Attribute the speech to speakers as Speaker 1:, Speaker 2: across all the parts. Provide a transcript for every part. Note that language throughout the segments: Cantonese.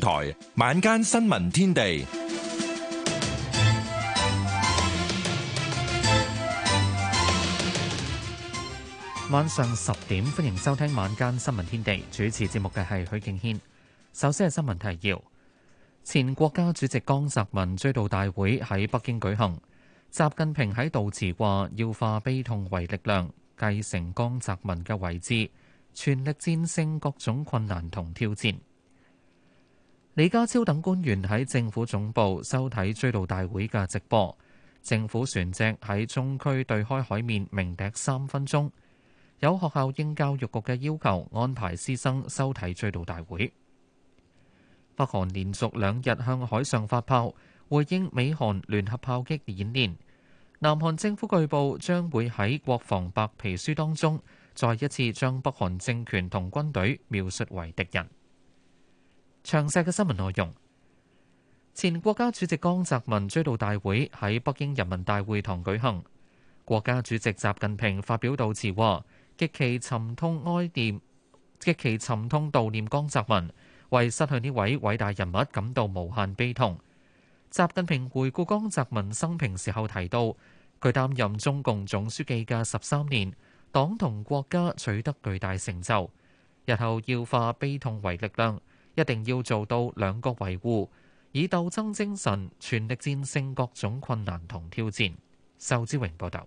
Speaker 1: 台晚間新聞天地，
Speaker 2: 晚上十點歡迎收聽晚間新聞天地。主持節目嘅係許敬軒。首先係新聞提要：前國家主席江澤民追悼大會喺北京舉行，習近平喺悼詞話要化悲痛為力量，繼承江澤民嘅遺志，全力戰勝各種困難同挑戰。李家超等官員喺政府總部收睇追悼大會嘅直播。政府船隻喺中區對開海面鳴笛三分鐘。有學校應教育局嘅要求安排師生收睇追悼大會。北韓連續兩日向海上發炮，回應美韓聯合炮擊演練。南韓政府據報將會喺國防白皮書當中再一次將北韓政權同軍隊描述為敵人。詳細嘅新聞內容，前國家主席江澤民追悼大會喺北京人民大會堂舉行。國家主席習近平發表悼詞，話極其沉痛哀念，極其沉痛悼念江澤民，為失去呢位偉大人物感到無限悲痛。習近平回顧江澤民生平時候提到，佢擔任中共總書記嘅十三年，黨同國家取得巨大成就。日後要化悲痛為力量。一定要做到兩國維護，以鬥爭精神全力戰勝各種困難同挑戰。仇志榮
Speaker 3: 報道。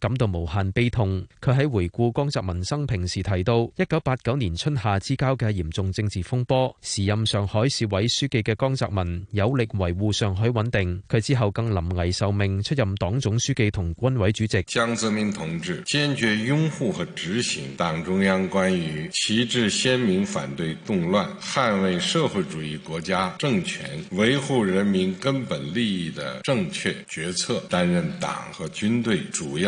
Speaker 3: 感到無限悲痛。佢喺回顧江澤民生平時提到，一九八九年春夏之交嘅嚴重政治風波，時任上海市委書記嘅江澤民有力維護上海穩定。佢之後更臨危受命出任黨總書記同軍委主席。
Speaker 1: 江澤民同志堅決擁護和執行黨中央關於旗幟鮮明反對動亂、捍衛社會主義國家政權、維護人民根本利益的正確決策，擔任黨和軍隊主要。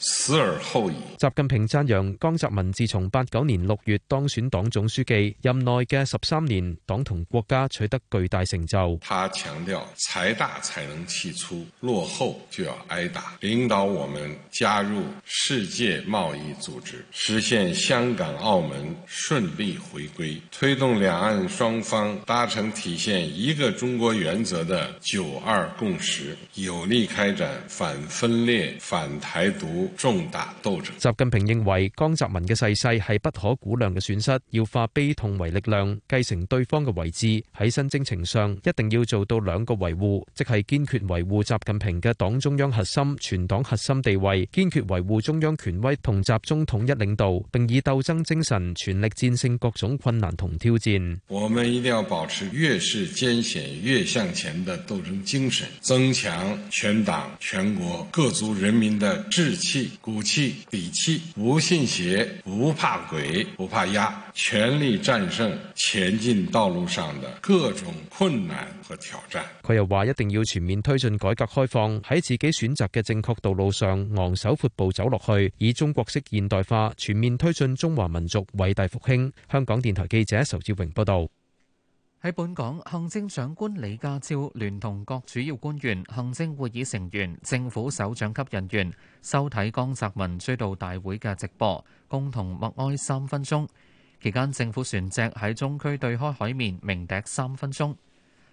Speaker 1: 死而後已。
Speaker 3: 習近平讚揚江澤民自從八九年六月當選黨總書記任內嘅十三年，黨同國家取得巨大成就。
Speaker 1: 他強調：財大才能氣粗，落後就要挨打。領導我們加入世界貿易組織，實現香港、澳門順利回歸，推動兩岸雙方達成體現一個中國原則的“九二共識”，有力開展反分裂、反台獨。重大鬥爭。
Speaker 3: 習近平認為江澤民嘅逝世係不可估量嘅損失，要化悲痛為力量，繼承對方嘅位置。喺新征程上，一定要做到兩個維護，即係堅決維護習近平嘅黨中央核心、全黨核心地位，堅決維護中央權威同集中統一領導，並以鬥爭精神全力戰勝各種困難同挑戰。
Speaker 1: 我們一定要保持越是艱險越向前的鬥爭精神，增強全黨全國各族人民的志氣、骨氣、底氣，不信邪，不怕鬼，不怕壓，全力戰勝前進道路上的各種困難和挑
Speaker 3: 戰。佢又話：一定要全面推進改革開放，喺自己選擇嘅正確道路上昂首闊步走落去，以中國式現代化全面推進中華民族偉大復興。香港電台記者仇志榮報道。
Speaker 2: 喺本港，行政長官李家超聯同各主要官員、行政會議成員、政府首長級人員收睇江澤民追悼大會嘅直播，共同默哀三分鐘。期間，政府船隻喺中區對開海面鳴笛三分鐘。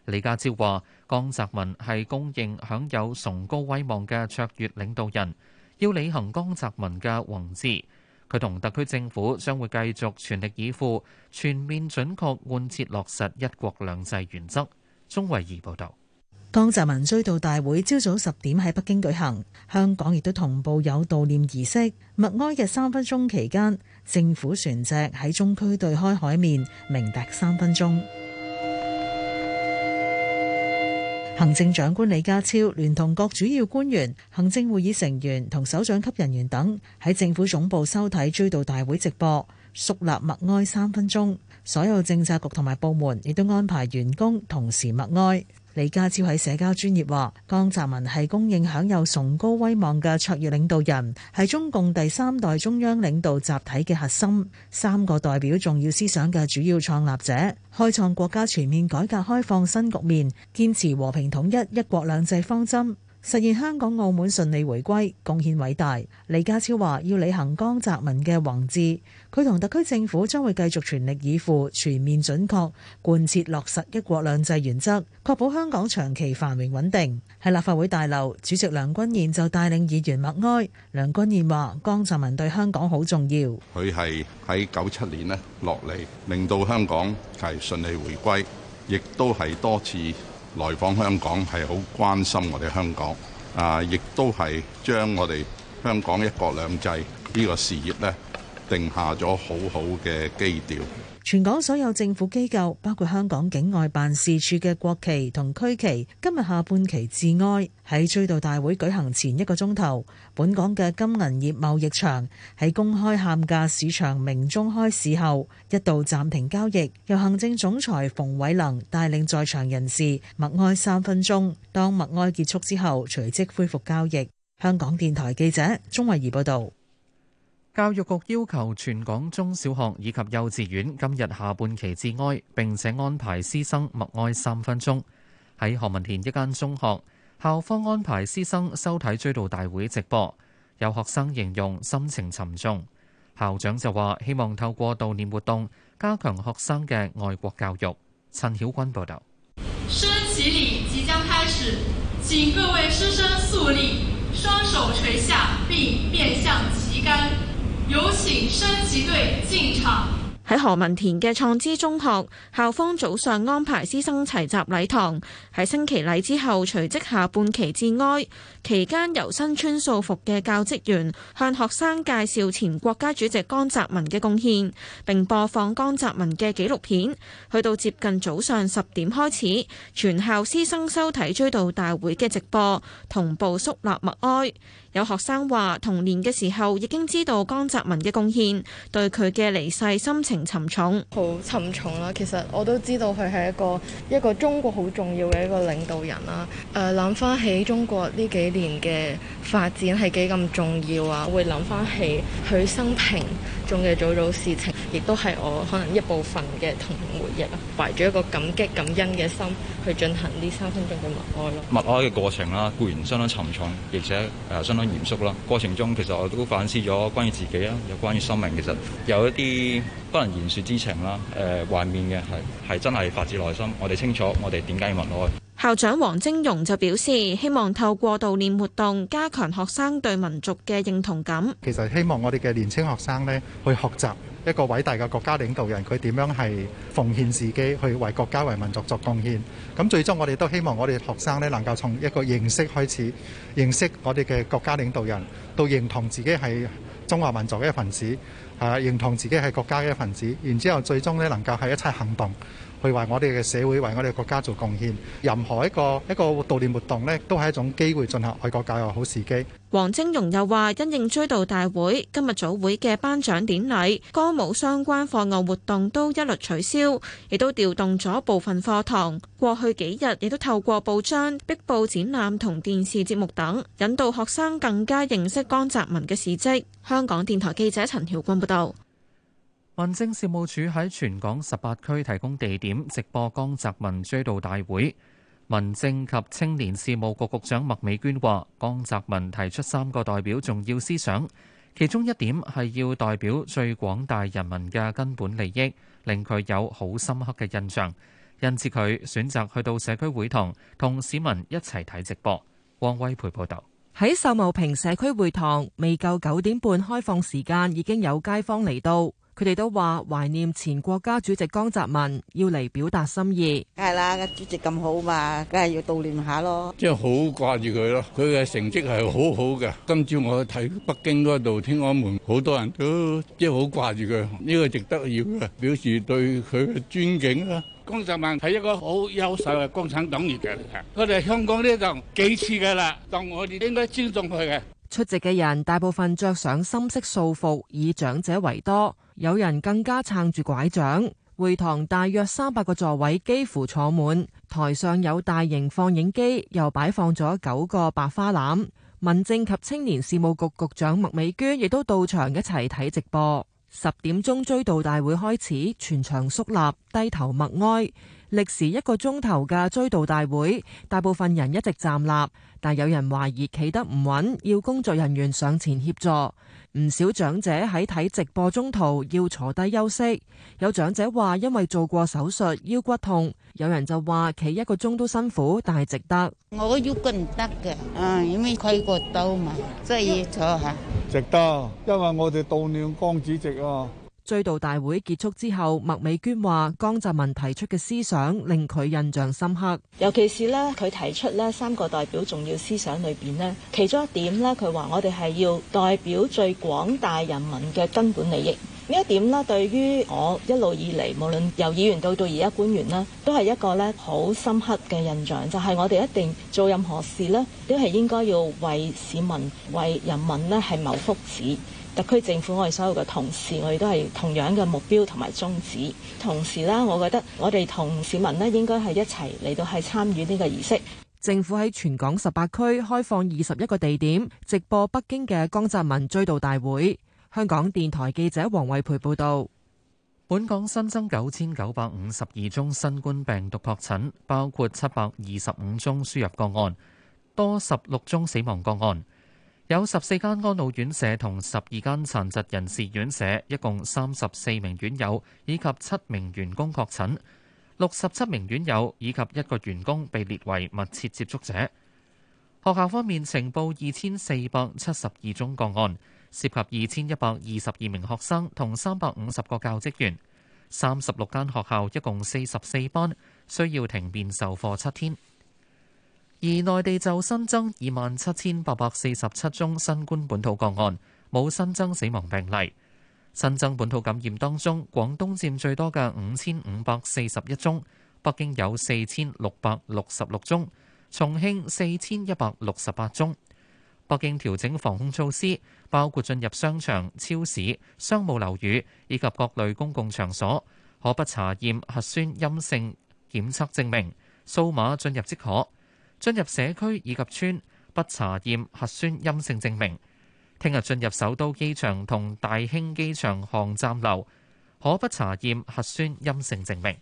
Speaker 2: 李家超話：江澤民係公認享有崇高威望嘅卓越領導人，要履行江澤民嘅宏志。佢同特區政府將會繼續全力以赴、全面準確貫徹落實一國兩制原則。鍾慧儀報道，
Speaker 4: 江澤民追悼大會朝早十點喺北京舉行，香港亦都同步有悼念儀式。默哀嘅三分鐘期間，政府船隻喺中區對開海面鳴笛三分鐘。行政長官李家超聯同各主要官員、行政會議成員同首長級人員等喺政府總部收睇追悼大會直播，肅立默哀三分鐘。所有政策局同埋部門亦都安排員工同時默哀。李家超喺社交專業話：江澤民係公認享有崇高威望嘅卓越領導人，係中共第三代中央領導集體嘅核心，三個代表重要思想嘅主要創立者，開創國家全面改革開放新局面，堅持和平統一一國兩制方針，實現香港澳門順利回歸，貢獻偉大。李家超話：要履行江澤民嘅宏志。佢同特區政府將會繼續全力以赴、全面準確貫徹落實一國兩制原則，確保香港長期繁榮穩定。喺立法會大樓，主席梁君彥就帶領議員默哀。梁君彥話：江澤民對香港好重要，
Speaker 1: 佢係喺九七年呢落嚟，令到香港係順利回歸，亦都係多次來訪香港，係好關心我哋香港。啊，亦都係將我哋香港一國兩制呢個事業呢。定下咗好好嘅基調。
Speaker 4: 全港所有政府機構，包括香港境外辦事處嘅國旗同區旗，今日下半旗致哀。喺追悼大會舉行前一個鐘頭，本港嘅金銀業貿易場喺公開喊價市場明中開市後一度暫停交易，由行政總裁馮偉能帶領在場人士默哀三分鐘，當默哀結束之後隨即恢復交易。香港電台記者鍾慧儀報道。
Speaker 2: 教育局要求全港中小學以及幼稚園今日下半旗致哀，並且安排師生默哀三分鐘。喺何文田一間中學，校方安排師生收睇追悼大會直播，有學生形容心情沉重。校長就話希望透過悼念活動加強學生嘅愛國教育。陳曉君報道。
Speaker 5: 升旗禮即將開始，請各位師生肅立，雙手垂下，並面向旗杆。有請升旗隊
Speaker 6: 進場。喺何文田嘅創知中學，校方早上安排師生齊集禮堂，喺升旗禮之後，隨即下半旗致哀。期間由身穿素服嘅教職員向學生介紹前國家主席江澤民嘅貢獻，並播放江澤民嘅紀錄片。去到接近早上十點開始，全校師生收睇追悼大會嘅直播，同步肅立默哀。有學生話：童年嘅時候已經知道江澤民嘅貢獻，對佢嘅離世心情沉重，好沉重啦、啊。其實我都知道佢係一個一個中國好重要嘅一個領導人啦、啊。誒、呃，諗翻起中國呢幾年嘅發展係幾咁重要啊，會諗翻起佢生平中嘅早早事情，亦都係我可能一部分嘅童年回憶、啊，懷住一個感激感恩嘅心去進行呢
Speaker 7: 三分鐘嘅默哀咯。
Speaker 2: 默哀嘅過程啦，固然相當沉重，而且誒相當，嚴肅啦，過程中其實我都反思咗關於自己啦，有關於生命，其實有一啲不能言說之情啦。誒、呃，懷緬嘅係係真係發自內心，我哋清楚，我哋點解要問落去？
Speaker 6: 校長黃晶容就表示，希望透過悼念活動加強學生對民族嘅認同感。
Speaker 2: 其實希望我哋嘅年輕學生呢，去學習一個偉大嘅國家領導人佢點樣係奉獻自己，去為國家為民族作貢獻。咁最終我哋都希望我哋學生呢，能夠從一個認識開始，認識我哋嘅國家領導人，到認同自己係中華民族嘅一份子。係認同自己係國家嘅一份子，然之後最終咧能夠係一齊行動，去為我哋嘅社會、為我哋國家做貢獻。任何一個一個悼念活動咧，都係一種機會進行愛國教育好時機。黃晶容又
Speaker 6: 話，因應追悼大會今日早會嘅頒獎典禮，歌舞相關課外活動都一律取消，亦都調動咗部分課堂。過去幾日，亦都透過報章、壁報、展覽同電視節目等，引導學生更加認識江澤民嘅事蹟。香港電台記者陳曉君。
Speaker 2: 民政事務署喺全港十八區提供地點直播江澤民追悼大會。民政及青年事務局局長麥美娟話：江澤民提出三個代表重要思想，其中一點係要代表最廣大人民嘅根本利益，令佢有好深刻嘅印象，因此佢選擇去到社區會堂同市民一齊睇直播。汪威培報道。
Speaker 8: 喺秀茂坪社區會堂，未夠九點半開放時間，已經有街坊嚟到，佢哋都話懷念前國家主席江澤民，要嚟表達心意。梗係啦，
Speaker 5: 個主席咁好嘛，梗係要悼念下咯。
Speaker 1: 即係好掛住佢咯，佢嘅成績係好好嘅。今朝我睇北京嗰度天安門，好多人都即係好掛住佢，呢個值得要嘅，表示對佢嘅尊敬啦。江澤民係一個好優秀嘅共產黨員嚟嘅，佢哋香港呢就幾次㗎啦，當我哋應該尊重佢嘅。
Speaker 8: 出席嘅人大部分着上深色素服，以長者為多，有人更加撐住拐杖。會堂大約三百個座位幾乎坐滿，台上有大型放映機，又擺放咗九個白花籃。民政及青年事務局局局長麥美娟亦都到場一齊睇直播。十點鐘追悼大會開始，全場肅立，低頭默哀。歷時一個鐘頭嘅追悼大會，大部分人一直站立，但有人懷疑企得唔穩，要工作人員上前協助。唔少長者喺睇直播中途要坐低休息。有長者話因為做過手術腰骨痛，有人就話企一個鐘都辛苦，但係值得。
Speaker 5: 我腰骨唔得嘅，啊，因為開過刀嘛，所以
Speaker 8: 要坐下。值得，因為我哋悼念江主席啊。追悼大會結束之後，麥美娟話江澤民提出嘅思想令佢印象深刻，尤其是
Speaker 4: 咧佢提出咧三個代表重要思想裏邊咧，其中一點咧，佢話我哋係要代表最廣大人民嘅根本利益，呢一點咧，對於我一路以嚟無論由議員到到而家官員啦，都係一個咧好深刻嘅印象，就係我哋一定做任何事咧，都係應該要為市民、為人民咧係謀福祉。特區政府，我哋所有嘅同事，我哋都係同樣嘅目標同埋宗
Speaker 8: 旨。同時啦，我覺得我哋同市民咧應該係一齊嚟到係參與呢個儀式。政府喺全港十八區開放二十一個地點，直播北京嘅江澤民追悼大會。香港電台記者黃慧培報道。本
Speaker 2: 港新增九千九百五十二宗新冠病毒確診，包括七百二十五宗輸入個案，多十六宗死亡個案。有十四間安老院舍同十二間殘疾人士院舍，一共三十四名院友以及七名員工確診，六十七名院友以及一個員工被列為密切接觸者。學校方面呈報二千四百七十二宗個案，涉及二千一百二十二名學生同三百五十個教職員，三十六間學校一共四十四班需要停面授課七天。而內地就新增二萬七千八百四十七宗新冠本土個案，冇新增死亡病例。新增本土感染當中，廣東佔最多嘅五千五百四十一宗，北京有四千六百六十六宗，重慶四千一百六十八宗。北京調整防控措施，包括進入商場、超市、商務樓宇以及各類公共場所，可不查驗核酸陰性檢測證明，掃碼進入即可。進入社區以及村不查驗核酸陰性證明。聽日進入首都機場同大興機場航站樓可不查驗核酸陰性證明。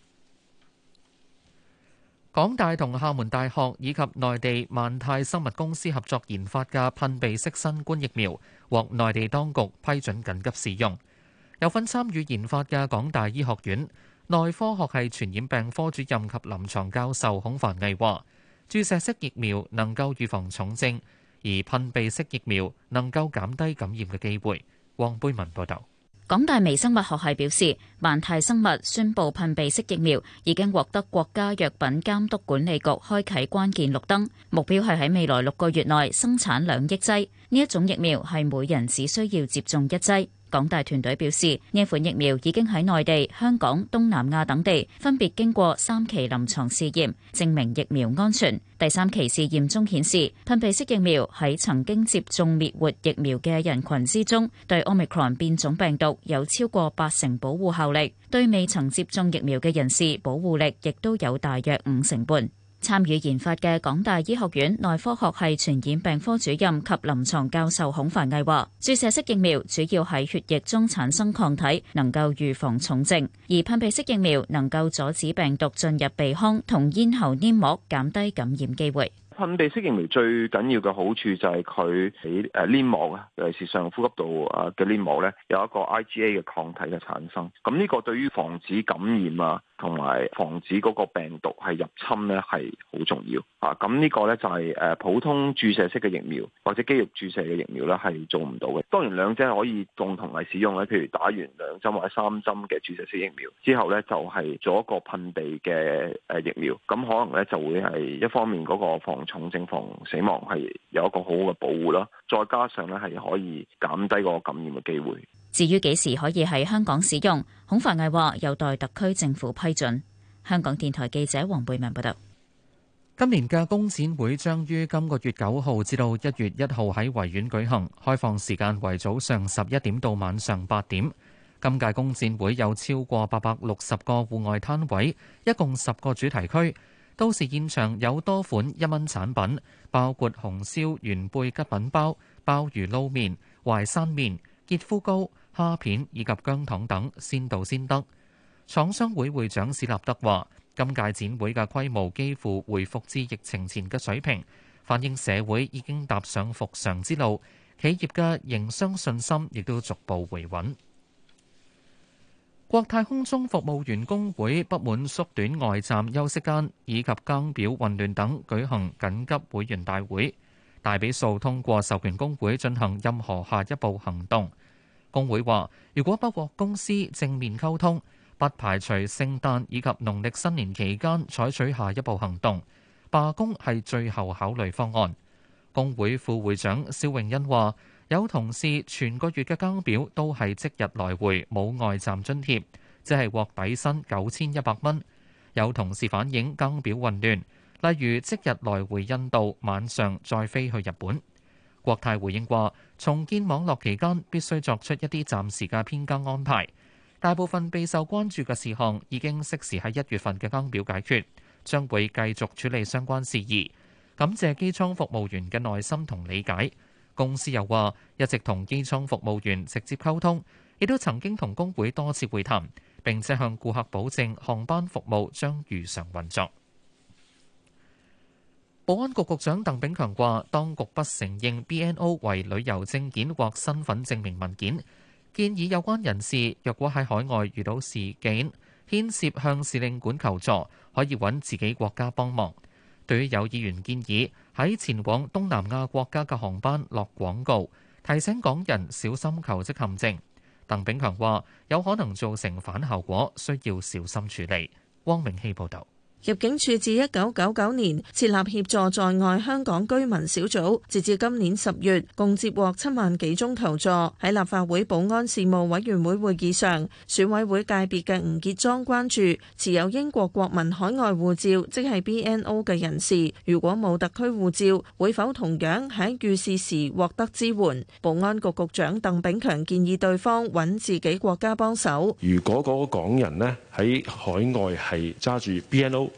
Speaker 2: 港大同廈門大學以及內地萬泰生物公司合作研發嘅噴鼻式新冠疫苗獲內地當局批准緊急使用。有份參與研發嘅港大醫學院內科學系傳染病科主任及臨床教授孔凡毅話。注射式疫苗能夠預防重症，而噴鼻式疫苗能夠減
Speaker 9: 低感染嘅機會。黃貝文報道，港大微生物學系表示，萬泰生物宣布噴鼻式疫苗已經獲得國家藥品監督管理局開啟關鍵綠燈，目標係喺未來六個月內生產兩億劑。呢一種疫苗係每人只需要接種一劑。港大團隊表示，呢款疫苗已經喺內地、香港、東南亞等地分別經過三期臨床試驗，證明疫苗安全。第三期試驗中顯示，噴鼻式疫苗喺曾經接種滅活疫苗嘅人群之中，對 Omicron 變種病毒有超過八成保護效力，對未曾接種疫苗嘅人士，保護力亦都有大約五成半。參與研發嘅港大醫學院內科學系傳染病科主任及臨床教授孔凡毅話：注射式疫苗主要喺血液中產生抗體，能夠預防重症；而噴鼻式疫苗能夠阻止病毒進入鼻腔同咽喉黏膜，減低感染機會。
Speaker 3: 噴鼻式疫苗最緊要嘅好處就係佢喺誒黏膜啊，尤其是上呼吸道啊嘅黏膜咧，有一個 IgA 嘅抗體嘅產生。咁呢個對於防止感染啊，同埋防止嗰個病毒係入侵咧係好重要啊。咁呢個咧就係誒普通注射式嘅疫苗或者肌肉注射嘅疫苗咧係做唔到嘅。當然兩者可以共同嚟使用咧，譬如打完兩針或者三針嘅注射式疫苗之後咧，就係做一個噴鼻嘅誒疫苗。咁可能咧就會係一方面嗰個防，同症防死亡係有一個好嘅保護啦，再加上咧係可以減低個感染嘅機會。
Speaker 9: 至於幾時可以喺香港使用，孔繁毅話有待特區政府批准。香港電台記者黃貝文報道。今年
Speaker 2: 嘅工展會將於今個月九號至到一月一號喺維園舉行，開放時間為早上十一點到晚上八點，今屆工展會有超過八百六十個戶外攤位，一共十個主題區。到時現場有多款一蚊產品，包括紅燒元貝吉品包、鮑魚撈麵、淮山麵、潔膚膏、蝦片以及薑糖等，先到先得。廠商會會長史立德話：今屆展會嘅規模幾乎回復至疫情前嘅水平，反映社會已經踏上復常之路，企業嘅營商信心亦都逐步回穩。國泰空中服務員工會不滿縮短外站休息間以及更表混亂等，舉行緊急會員大會，大比數通過授權工會進行任何下一步行動。工會話：如果不獲公司正面溝通，不排除聖誕以及農曆新年期間採取下一步行動。罷工係最後考慮方案。工會副會長蕭榮欣話。有同事全個月嘅更表都係即日來回，冇外站津貼，即係獲底薪九千一百蚊。有同事反映更表混亂，例如即日來回印度，晚上再飛去日本。國泰回應話：重建網絡期間必須作出一啲暫時嘅編更安排。大部分備受關注嘅事項已經適時喺一月份嘅更表解決，將會繼續處理相關事宜。感謝機艙服務員嘅耐心同理解。公司又話一直同機艙服務員直接溝通，亦都曾經同工會多次會談，並且向顧客保證航班服務將如常運作。保安局局長鄧炳強話，當局不承認 BNO 為旅遊證件或身份證明文件，建議有關人士若果喺海外遇到事件，牽涉向使領館求助，可以揾自己國家幫忙。對於有議員建議，喺前往東南亞國家嘅航班落廣告，提醒港人小心求職陷阱。鄧炳強話，有可能造成反效果，需要小心處理。汪明希報導。
Speaker 10: 入境處自一九九九年設立協助在外香港居民小組，截至今年十月，共接獲七萬幾宗求助。喺立法會保安事務委員會會議上，選委會界別嘅吳傑莊關注持有英國國民海外護照即係 BNO 嘅人士，如果冇特區護照，會否同樣喺遇事時獲得支援？保安局局長鄧炳強建議對方揾自己國家幫手。
Speaker 3: 如果嗰個港人呢，喺海外係揸住 BNO，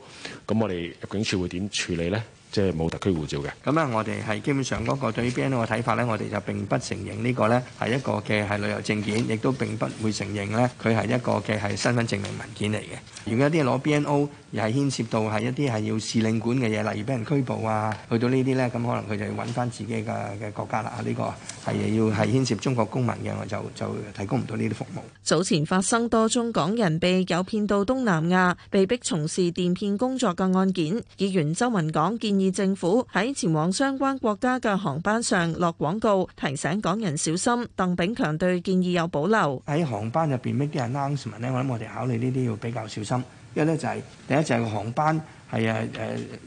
Speaker 3: 咁我哋入境處會點處理咧？即係冇特區護照嘅。咁啊，我哋係基本上嗰個對於 BNO 嘅睇法咧，我哋就並不承認呢個咧係一個嘅係旅遊證件，亦都並不會承認咧佢係一個嘅係身份證明文件嚟嘅。如果有啲人攞 BNO。又係牽涉到係一啲係要使領館嘅嘢，例如俾人拘捕啊，去到呢啲呢，咁可能佢就要揾翻自己嘅嘅國家啦。呢個係要係牽涉中國公民嘅，我就就提供唔到呢啲服務。
Speaker 10: 早前發生多宗港人被誘騙到東南亞，被逼從事電騙工作嘅案件。議員周文港建議政府喺前往相關國家嘅航班上落廣告，提醒港人小心。鄧炳強對建議有保留。喺航班入邊呢啲人 language，我諗我哋考慮呢
Speaker 3: 啲要比較小心。一咧就係第一就係、係、個航班係啊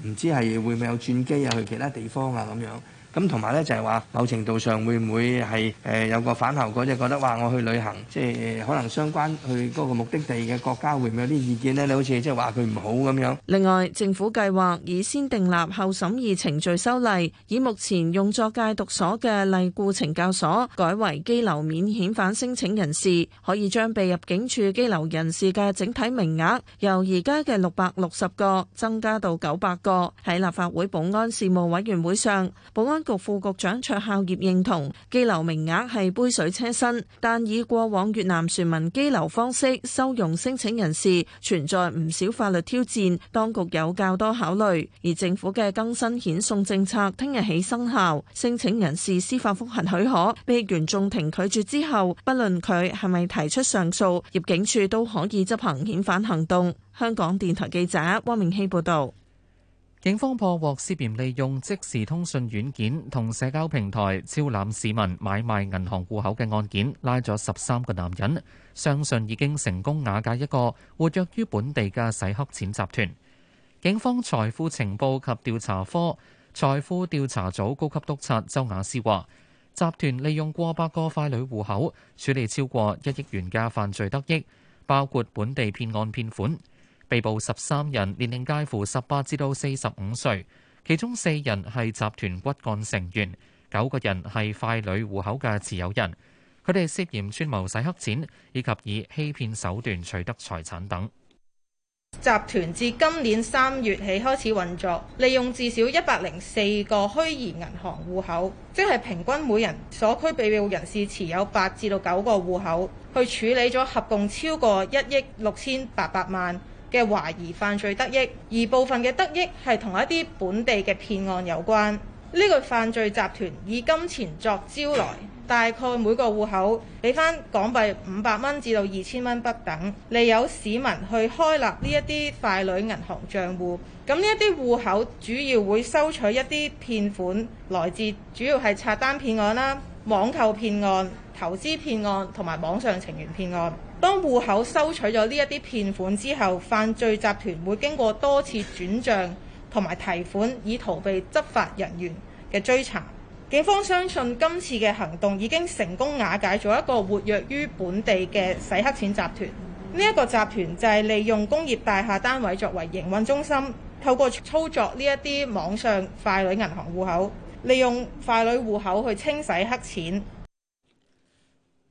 Speaker 3: 誒唔知係會唔會有轉機啊去其他地方啊咁樣。咁同埋咧，就係話某程度上會唔會係誒有個反效果，即係覺得話，我去旅行，即係可能相關去嗰個目的地嘅國家會唔會有啲意見咧？你好似即係話佢唔好咁樣。
Speaker 10: 另外，政府計劃以先訂立後審議程序修例，以目前用作戒毒所嘅勵顧懲教所，改為羈留免遣返申請人士，可以將被入境處羈留人士嘅整體名額，由而家嘅六百六十個增加到九百個。喺立法會保安事務委員會上，保安局副局長卓孝業認同，羈留名額係杯水車薪，但以過往越南船民羈留方式收容申請人士存在唔少法律挑戰，當局有較多考慮。而政府嘅更新遣送政策聽日起生效，申請人士司法覆核許可被原訟庭拒絕之後，不論佢係咪提出上訴，入境處都可以執行遣返行動。香港電台記者汪明希報道。警方破獲
Speaker 2: 涉嫌利用即時通訊軟件同社交平台招攬市民買賣銀行戶口嘅案件，拉咗十三個男人，相信已經成功瓦解一個活躍於本地嘅洗黑錢集團。警方財富情報及調查科財富調查組高級督察周雅詩話，集團利用過百個傀儡戶口，處理超過一億元嘅犯罪得益，包括本地騙案騙款。被捕十三人，年齡介乎十八至到四十五歲，其中四人係集團骨幹成員，九個人係快女戶口嘅持有人。佢哋涉嫌串謀洗黑錢以及以欺騙手段取得財產等。
Speaker 5: 集團自今年三月起開始運作，利用至少一百零四個虛擬銀行戶口，即係平均每人所拘被捕人士持有八至到九個戶口，去處理咗合共超過一億六千八百萬。嘅懷疑犯罪得益，而部分嘅得益係同一啲本地嘅騙案有關。呢、這個犯罪集團以金錢作招來，大概每個戶口畀返港幣五百蚊至到二千蚊不等，利有市民去開立呢一啲傀儡銀行賬戶。咁呢一啲戶口主要會收取一啲騙款，來自主要係刷單騙案啦。網購騙案、投資騙案同埋網上情緣騙案，當戶口收取咗呢一啲騙款之後，犯罪集團會經過多次轉帳同埋提款，以逃避執法人員嘅追查。警方相信今次嘅行動已經成功瓦解咗一個活躍於本地嘅洗黑錢集團。呢、這、一個集團就係利用工業大廈單位作為營運中心，透過操作呢一啲網上傀儡銀行戶口。利用傀儡戶口去清洗黑錢。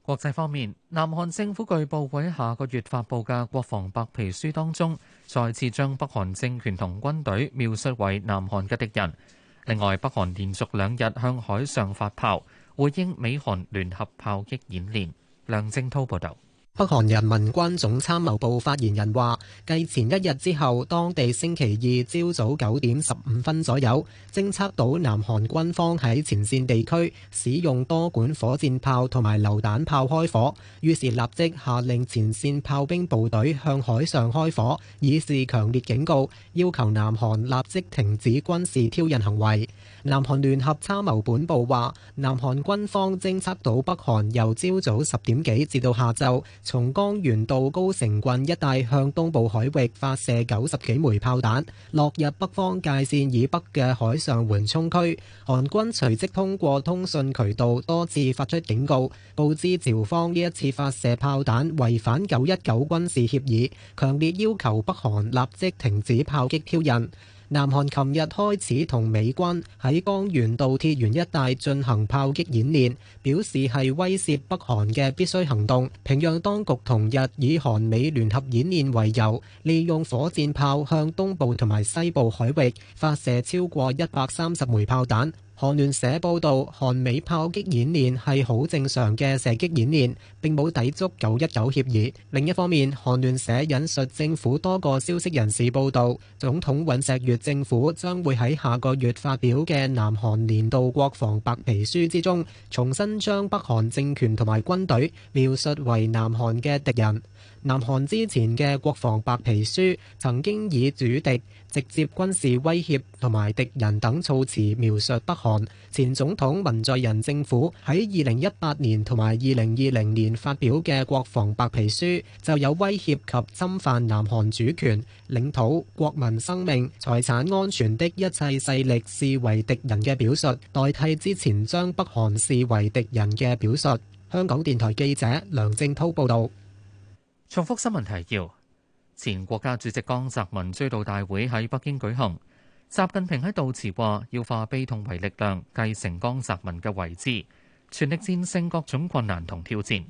Speaker 2: 國際方面，南韓政府據報會喺下個月發布嘅國防白皮書當中，再次將北韓政權同軍隊描述為南韓嘅敵人。另外，北韓連續兩日向海上發炮，回應美韓聯
Speaker 11: 合炮擊演練，梁正濤報道。北韓人民軍總參謀部發言人話，繼前一日之後，當地星期二朝早九點十五分左右，偵測到南韓軍方喺前線地區使用多管火箭炮同埋榴彈炮開火，於是立即下令前線炮兵部隊向海上開火，以示強烈警告，要求南韓立即停止軍事挑釁行為。南韓聯合參謀本部話，南韓軍方偵測到北韓由朝早十點幾至到下晝，從江原道高城郡一帶向東部海域發射九十幾枚炮彈，落入北方界線以北嘅海上緩衝區。韓軍隨即通過通訊渠道多次發出警告，告知朝方呢一次發射炮彈違反九一九軍事協議，強烈要求北韓立即停止炮擊挑釁。南韓琴日開始同美軍喺江原道鐵原一帶進行炮擊演練，表示係威懾北韓嘅必須行動。平壤當局同日以韓美聯合演練為由，利用火箭炮向東部同埋西部海域發射超過一百三十枚炮彈。韓聯社報道，韓美炮擊演練係好正常嘅射擊演練，並冇抵觸《九一九協議》。另一方面，韓聯社引述政府多個消息人士報道，總統尹錫悅政府將會喺下個月發表嘅南韓年度國防白皮書之中，重新將北韓政權同埋軍隊描述為南韓嘅敵人。南韓之前嘅國防白皮書曾經以主敵、直接軍事威脅同埋敵人等措辭描述北韓。前總統文在寅政府喺二零一八年同埋二零二零年發表嘅國防白皮書，就有威脅及侵犯南韓主權、領土、國民生命、財產安全的一切勢力視為敵人嘅表述，代替之前將北韓視為敵人嘅表述。香港電台記者梁正濤報導。重複新聞提要：
Speaker 2: 前國家主席江澤民追悼大會喺北京舉行，習近平喺悼詞話要化悲痛為力量，繼承江澤民嘅遺志，全力戰勝各種困難同挑戰。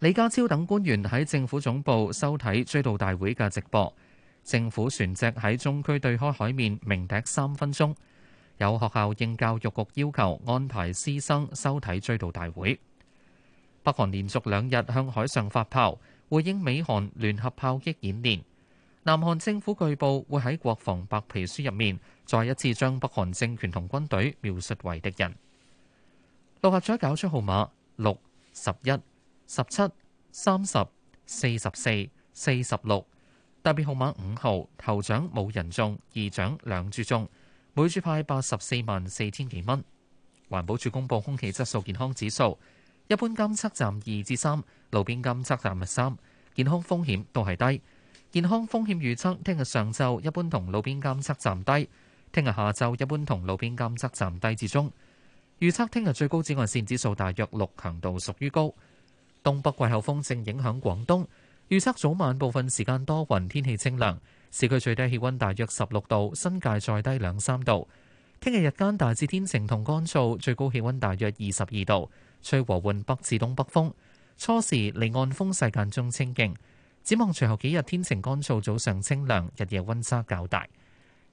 Speaker 2: 李家超等官員喺政府總部收睇追悼大會嘅直播，政府船隻喺中區對開海面鳴笛三分鐘，有學校應教育局要求安排師生收睇追悼大會。北韓連續兩日向海上發炮，回應美韓聯合炮擊演練。南韓政府據報會喺國防白皮書入面，再一次將北韓政權同軍隊描述為敵人。六合彩攪出號碼六十一、十七、三十四、十四、四十六，特別號碼五號。頭獎冇人中，二獎兩注中，每注派八十四萬四千幾蚊。環保署公布空氣質素健康指數。一般監測站二至三，路邊監測站一三，健康風險都係低。健康風險預測聽日上晝一般同路邊監測站低，聽日下晝一般同路邊監測站低至中。預測聽日最高紫外線指數大約六，強度屬於高。東北季候風正影響廣東，預測早晚部分時間多雲，天氣清涼。市區最低氣溫大約十六度，新界再低兩三度。聽日日間大致天晴同乾燥，最高氣溫大約二十二度。吹和緩北至東北風，初時離岸風勢間中清勁。展望隨後幾日天晴乾燥，早上清涼，日夜温差較大。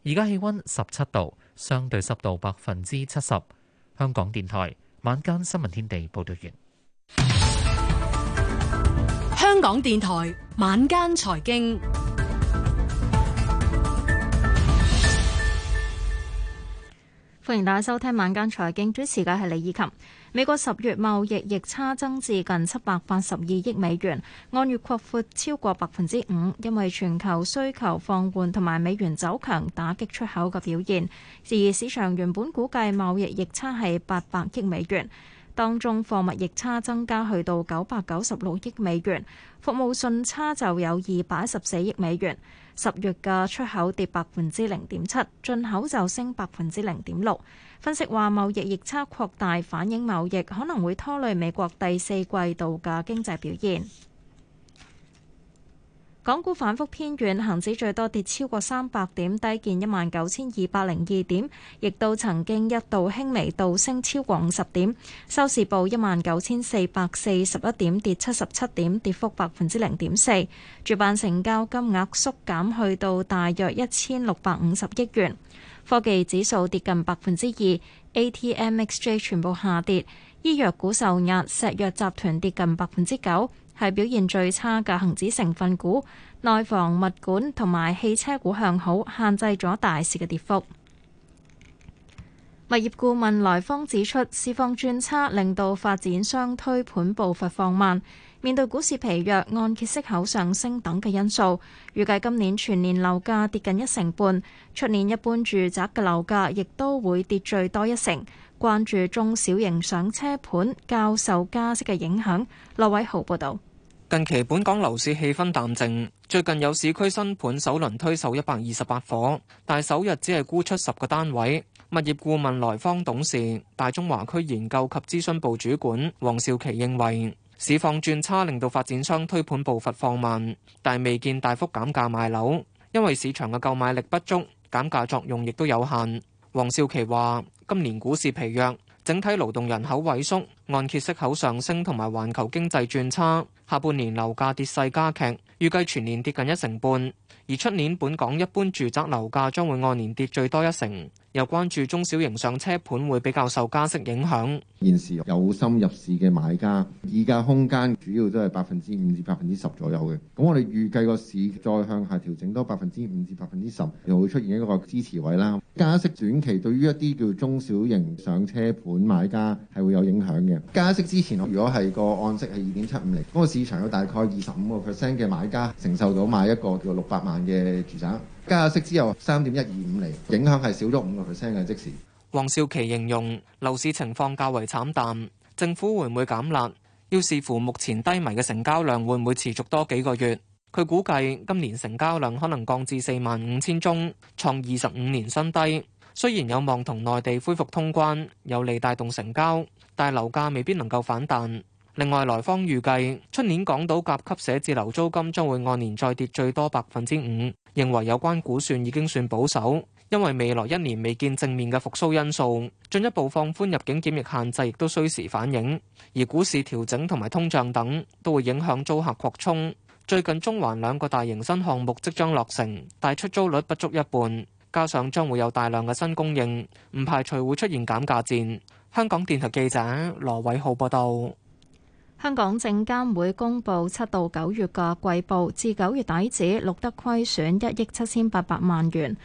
Speaker 2: 而家氣温十七度，相對濕度百分之七十。香港電台晚間新聞天地報道完。
Speaker 7: 香港電台晚
Speaker 6: 間
Speaker 12: 財經，歡迎大家收聽晚間財經，主持嘅係李以琴。美國十月貿易逆差增至近七百八十二億美元，按月擴闊超過百分之五，因為全球需求放緩同埋美元走強打擊出口嘅表現。而市場原本估計貿易逆差係八百億美元，當中貨物逆差增加去到九百九十六億美元，服務順差就有二百一十四億美元。十月嘅出口跌百分之零點七，進口就升百分之零點六。分析話貿易逆差擴大，反映貿易可能會拖累美國第四季度嘅經濟表現。港股反覆偏軟，恒指最多跌超過三百點，低見一萬九千二百零二點，亦都曾經一度輕微倒升超過五十點，收市報一萬九千四百四十一點，跌七十七點，跌幅百分之零點四。主板成交金額縮減去到大約一千六百五十億元。科技指數跌近百分之二，ATMXJ 全部下跌，醫藥股受壓，石藥集團跌近百分之九。係表現最差嘅恒指成分股，內房、物管同埋汽車股向好，限制咗大市嘅跌幅。物業顧問來方指出，市況轉差令到發展商推盤步伐放慢，面對股市疲弱、按揭息口上升等嘅因素，預計今年全年樓價跌近一成半，出年一般住宅嘅樓價亦都會跌最多一成。關注中小型上車盤較受加息嘅影響。羅偉豪報導，
Speaker 7: 近期本港樓市氣氛淡靜，最近有市區新盤首輪推售一百二十八伙，但首日只係沽出十個單位。物業顧問來方董事、大中華區研究及諮詢部主管黃少琪認為，市況轉差令到發展商推盤步伐放慢，但未見大幅減價賣樓，因為市場嘅購買力不足，減價作用亦都有限。黃少琪話：今年股市疲弱，整體勞動人口萎縮，按揭息口上升同埋環球經濟轉差，下半年樓價跌勢加劇，預計全年跌近一成半。而出年本港一般住宅樓價將會按年跌最多一成，又關注中小型上車盤會比較受加息影響。
Speaker 1: 現時有心入市嘅買家議價空間主要都係百分之五至百分之十左右嘅。咁我哋預計個市再向下調整多百分之五至百分之十，又會出現一個支持位啦。加息短期對於一啲叫中小型上車盤買家係會有影響嘅。加息
Speaker 7: 之前，如果係個按息係二點七五厘，個市場有大概二十五個 percent 嘅買家承受到買一個叫六百萬。嘅住宅加息之後，三點一二五厘影響係少咗五個 percent 嘅，即時。黃少琪形容樓市情況較為慘淡，政府會唔會減辣？要視乎目前低迷嘅成交量會唔會持續多幾個月。佢估計今年成交量可能降至四萬五千宗，創二十五年新低。雖然有望同內地恢復通關，有利帶動成交，但樓價未必能夠反彈。另外，來方預計出年港島甲級寫字樓租金將會按年再跌最多百分之五，認為有關估算已經算保守，因為未來一年未見正面嘅復甦因素，進一步放寬入境檢疫限制亦都需時反映，而股市調整同埋通脹等都會影響租客擴充。最近中環兩個大型新項目即將落成，但出租率不足一半，加上將會有大量嘅新供應，唔排除會出現減價戰。香港電台記者羅偉浩報道。
Speaker 12: 香港證監會公布七到九月嘅季報，至九月底止錄得虧損一億七千八百萬元。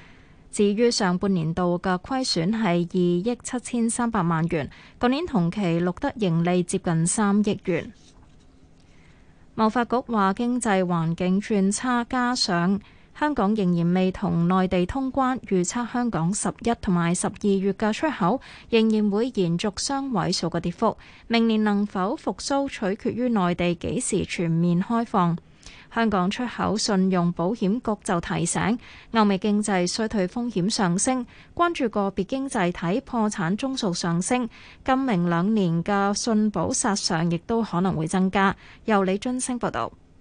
Speaker 12: 至於上半年度嘅虧損係二億七千三百萬元，舊年同期錄得盈利接近三億元。貿發局話經濟環境轉差，加上香港仍然未同內地通關，預測香港十一同埋十二月嘅出口仍然會延續雙位數嘅跌幅。明年能否復甦，取決於內地幾時全面開放。香港出口信用保險局就提醒，歐美經濟衰退風險上升，關注個別經濟體破產宗數上升，今明兩年嘅信保殺傷亦都可能會增加。由李津升報道。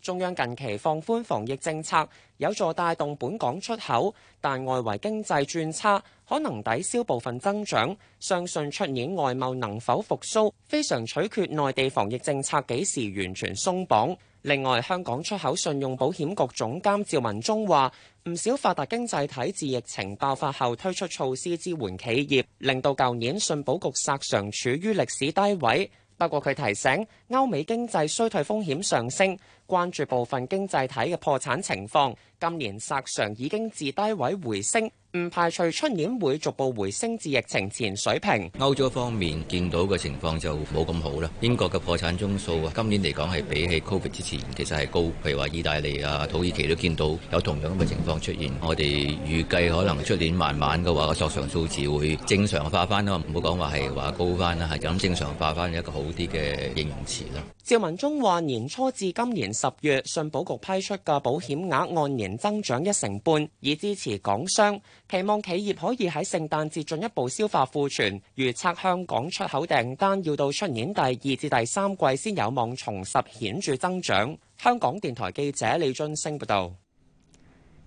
Speaker 13: 中央近期放寬防疫政策，有助帶動本港出口，但外圍經濟轉差，可能抵消部分增長，相信出年外貿能否復甦非常取決內地防疫政策幾時完全鬆綁。另外，香港出口信用保險局總監趙文忠話唔少發達經濟體自疫情爆發後推出措施支援企業，令到舊年信保局索償處於歷史低位。不過佢提醒歐美經濟衰退風險上升。關注部分經濟體嘅破產情況，今年索償已經自低位回升，唔排除出年會逐步回升至疫情前水平。歐洲方面見到嘅情況就冇咁好啦。英國嘅破產宗數啊，今年嚟講係比起 Covid 之前其實係高。譬如話意大利啊、土耳其都見
Speaker 2: 到有同樣咁嘅情況出現。我哋預計可能出年慢慢嘅話，索償數字會正常化翻咯，唔好講話係話高翻啦，係咁正常化翻一個好啲嘅形容
Speaker 13: 詞啦。趙文忠話：年初至今年十月信保局批出嘅保險額按年增長一成半，以支持港商。期望企業可以喺聖誕節進一步消化庫存。預測香港出口訂單要到出年第二至第三季先有望重拾顯著增長，香港電台記者李俊升報道。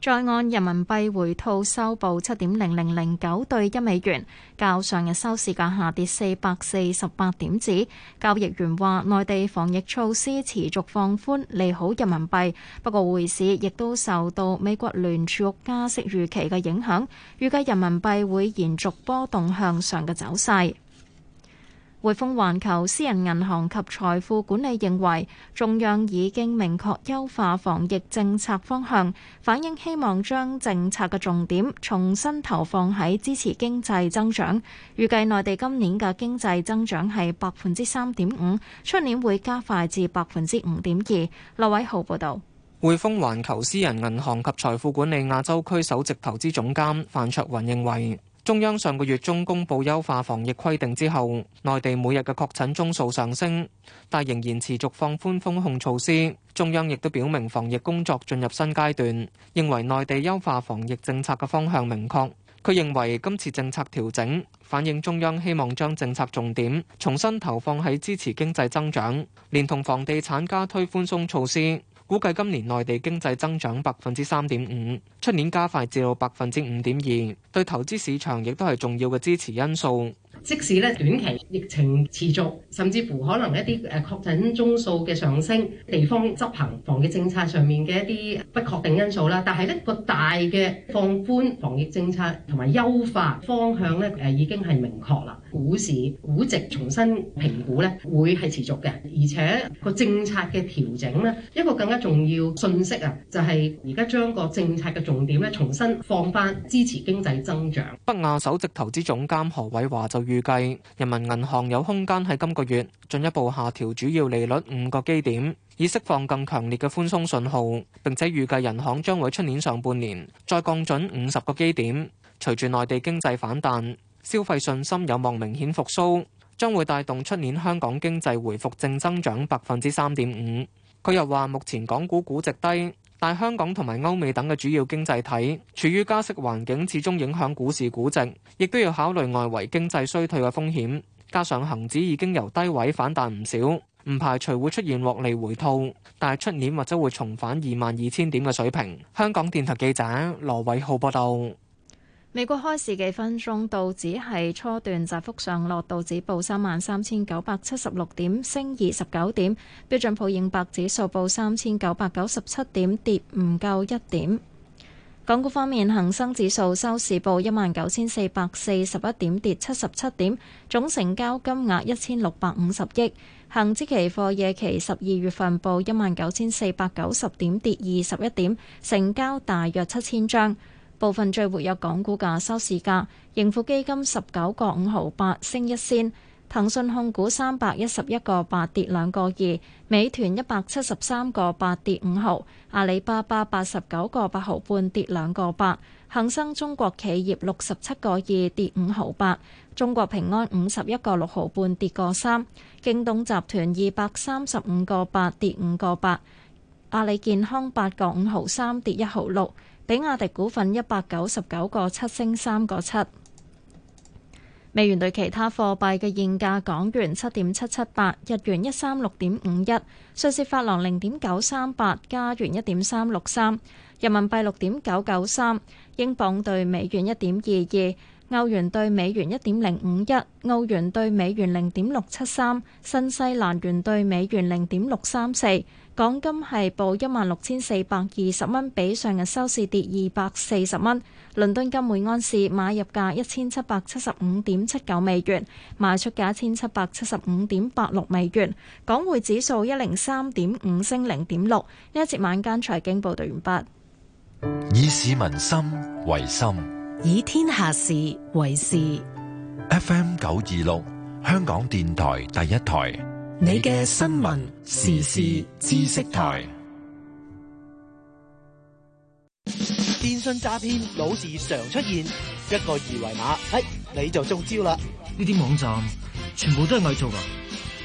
Speaker 12: 再按人民幣回吐收報七點零零零九對一美元，較上日收市價下跌四百四十八點子。交易員話，內地防疫措施持續放寬，利好人民幣。不過匯市亦都受到美國聯儲加息預期嘅影響，預計人民幣會延續波動向上嘅走勢。匯豐環球私人銀行及財富管理認為，中央已經明確優化防疫政策方向，反映希望將政策嘅重點重新投放喺支持經濟增長。預計內地今年嘅經濟增長係百分之三點五，出年會加快至百分之五點二。劉偉豪報道。
Speaker 7: 匯豐環球私人銀行及財富管理亞洲區首席投資總監范卓雲認為。中央上個月中公布優化防疫規定之後，內地每日嘅確診宗數上升，但仍然持續放寬封控措施。中央亦都表明防疫工作進入新階段，認為內地優化防疫政策嘅方向明確。佢認為今次政策調整反映中央希望將政策重點重新投放喺支持經濟增長，連同房地產加推寬鬆措施。估計今年內地經濟增長百分之三點五，出年加快至到百分之五點二，對投資市場亦都係重要嘅支持因素。
Speaker 11: 即使咧短期疫情持續，甚至乎可能一啲誒確診宗數嘅上升，地方執行防疫政策上面嘅一啲不確定因素啦，但係咧個大嘅放寬防疫政策同埋優化方向咧誒已經係明確啦。股市估值重新評估咧，會係持續嘅，而且個政策嘅調整咧，一個更加重要信息啊，就係而家將個政策嘅重點咧重新放翻支持經濟增長。
Speaker 7: 北亞首席投資總監何偉華就，預計人民銀行有空間喺今個月進一步下調主要利率五個基點，以釋放更強烈嘅寬鬆信號。並且預計人行將會出年上半年再降準五十個基點。隨住內地經濟反彈，消費信心有望明顯復甦，將會帶動出年香港經濟回復正增長百分之三點五。佢又話，目前港股估值低。但香港同埋歐美等嘅主要經濟體處於加息環境，始終影響股市估值，亦都要考慮外圍經濟衰退嘅風險，加上恒指已經由低位反彈唔少，唔排除會出現獲利回吐，但係出年或者會重返二萬二千點嘅水平。香港電台記者羅偉浩報道。
Speaker 12: 美股開市幾分鐘，道指係初段窄幅上落，道指報三萬三千九百七十六點，升二十九點。標準普爾五百指數報三千九百九十七點，跌唔夠一點。港股方面，恒生指數收市報一萬九千四百四十一點，跌七十七點。總成交金額一千六百五十億。恒指期貨夜期十二月份報一萬九千四百九十點，跌二十一點，成交大約七千張。部分最活躍港股價收市價，盈富基金十九個五毫八升一仙，騰訊控股三百一十一個八跌兩個二，美團一百七十三個八跌五毫，阿里巴巴八十九個八毫半跌兩個八，恒生中國企業六十七個二跌五毫八，中國平安五十一個六毫半跌個三，京東集團二百三十五個八跌五個八，阿里健康八個五毫三跌一毫六。比亞迪股份一百九十九個七升三個七。美元兌其他貨幣嘅現價：港元七點七七八，日元一三六點五一，瑞士法郎零點九三八，加元一點三六三，人民幣六點九九三，英鎊兌美元一點二二，歐元兌美元一點零五一，澳元兌美元零點六七三，新西蘭元兌美元零點六三四。港金係報一萬六千四百二十蚊，比上日收市跌二百四十蚊。倫敦金每安士買入價一千七百七十五點七九美元，賣出價一千七百七十五點八六美元。港匯指數一零三點五升零點六。呢一節晚間財經報道完畢。
Speaker 6: 以市民心為心，以
Speaker 12: 天下事為事。
Speaker 1: FM 九二六，香港電台第一台。你嘅新聞時事知識台，
Speaker 11: 電信詐騙老是常出現，一個二維碼，哎，你就中招啦！呢啲網站全部都係偽造噶，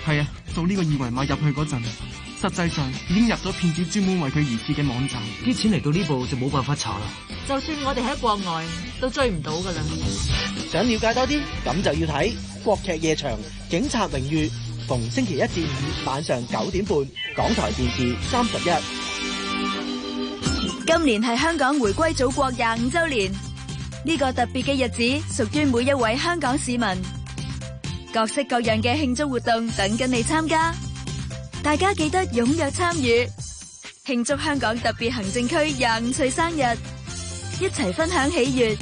Speaker 11: 係啊，做呢個二維碼入去嗰陣，實際上已經入咗騙子專門為佢而設嘅網站，啲錢嚟到呢度就冇辦法查啦。
Speaker 4: 就算我哋喺國外都追唔到噶啦。
Speaker 11: 想了解多啲，咁就要睇《國劇夜場》《警察榮譽》。逢星期一至五晚上九點半，港台電視三十一。
Speaker 9: 今年係香港回歸祖國廿五周年，呢個特別嘅日子屬於每一位香港市民。各式各樣嘅慶祝活動等緊你參加，大家記得踴躍參與，慶祝香港特別行政區廿五歲生日，一齊分享喜悅，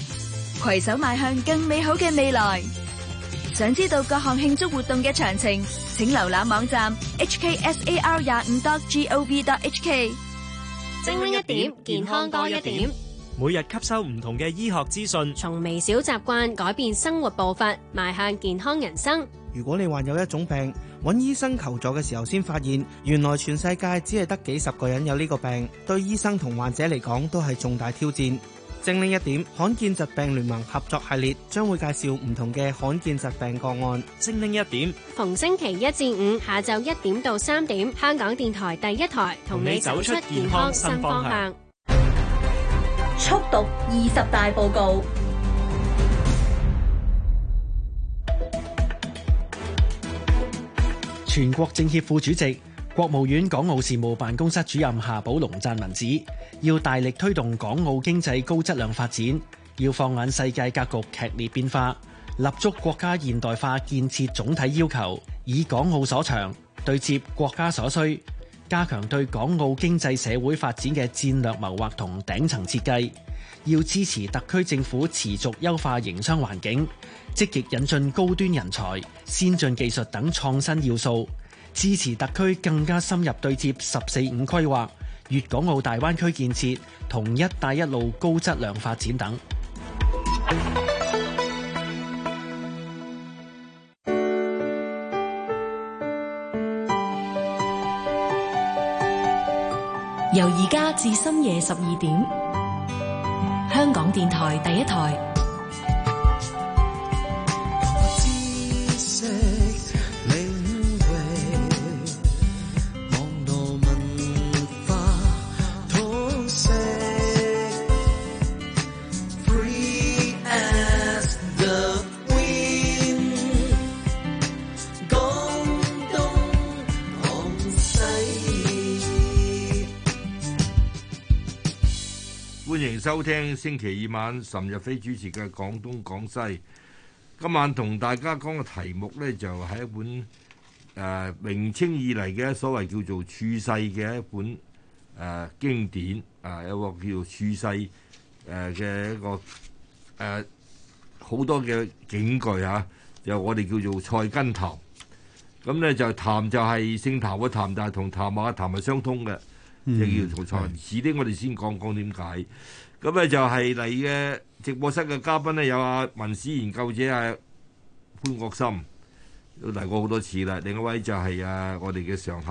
Speaker 9: 攜手邁向更美好嘅未來。想知道各項慶祝活動嘅詳情，請瀏覽網站 hksar 廿五 dot gov dot hk。精明一點，健康多一點。
Speaker 7: 一點每日吸收唔同嘅醫學資訊，從
Speaker 12: 微小習慣改變生活步伐，邁向健康人生。
Speaker 7: 如果你患有一種病，揾醫生求助嘅時候，先發現原來全世界只係得幾十個人有呢個病，對醫生同患者嚟講都係重大挑戰。精靈一點，罕見疾病聯盟合作系列將會介紹唔同嘅罕見疾病個案。精靈一點，
Speaker 12: 逢星期一至五下晝一點到三點，香港電台第一台同你，你走出健康新方向。速讀二十大報告，
Speaker 3: 全國政協副主席，國務院港澳事務辦公室主任夏寶龍撰文指，要大力推動港澳經濟高質量發展，要放眼世界格局劇烈變化，立足國家現代化建設總體要求，以港澳所長對接國家所需，加強對港澳經濟社會發展嘅戰略謀劃同頂層設計，要支持特區政府持續優化營商環境，積極引進高端人才、先進技術等創新要素。支持特區更加深入對接十四五規劃、粵港澳大灣區建設、同一帶一路高質量發展等。
Speaker 12: 由而家至深夜十二點，
Speaker 8: 香港電台第一台。
Speaker 1: 收聽星期二晚岑日飛主持嘅《廣東廣西》，今晚同大家講嘅題目呢，就係、是、一本誒明、呃、清以嚟嘅所謂叫做處世嘅一本誒、呃、經典啊，呃、有一個叫做處世誒嘅、呃、一個誒好、呃、多嘅警句啊，就是、我哋叫做菜根譚。咁呢，就譚就係聖譚啊，但係同、譚馬、譚係相通嘅，嗯、就叫做菜。遲啲我哋先講講點解。咁咧就係嚟嘅直播室嘅嘉賓咧，有啊文史研究者啊潘國森都嚟過好多次啦，另一位就係啊我哋嘅常客。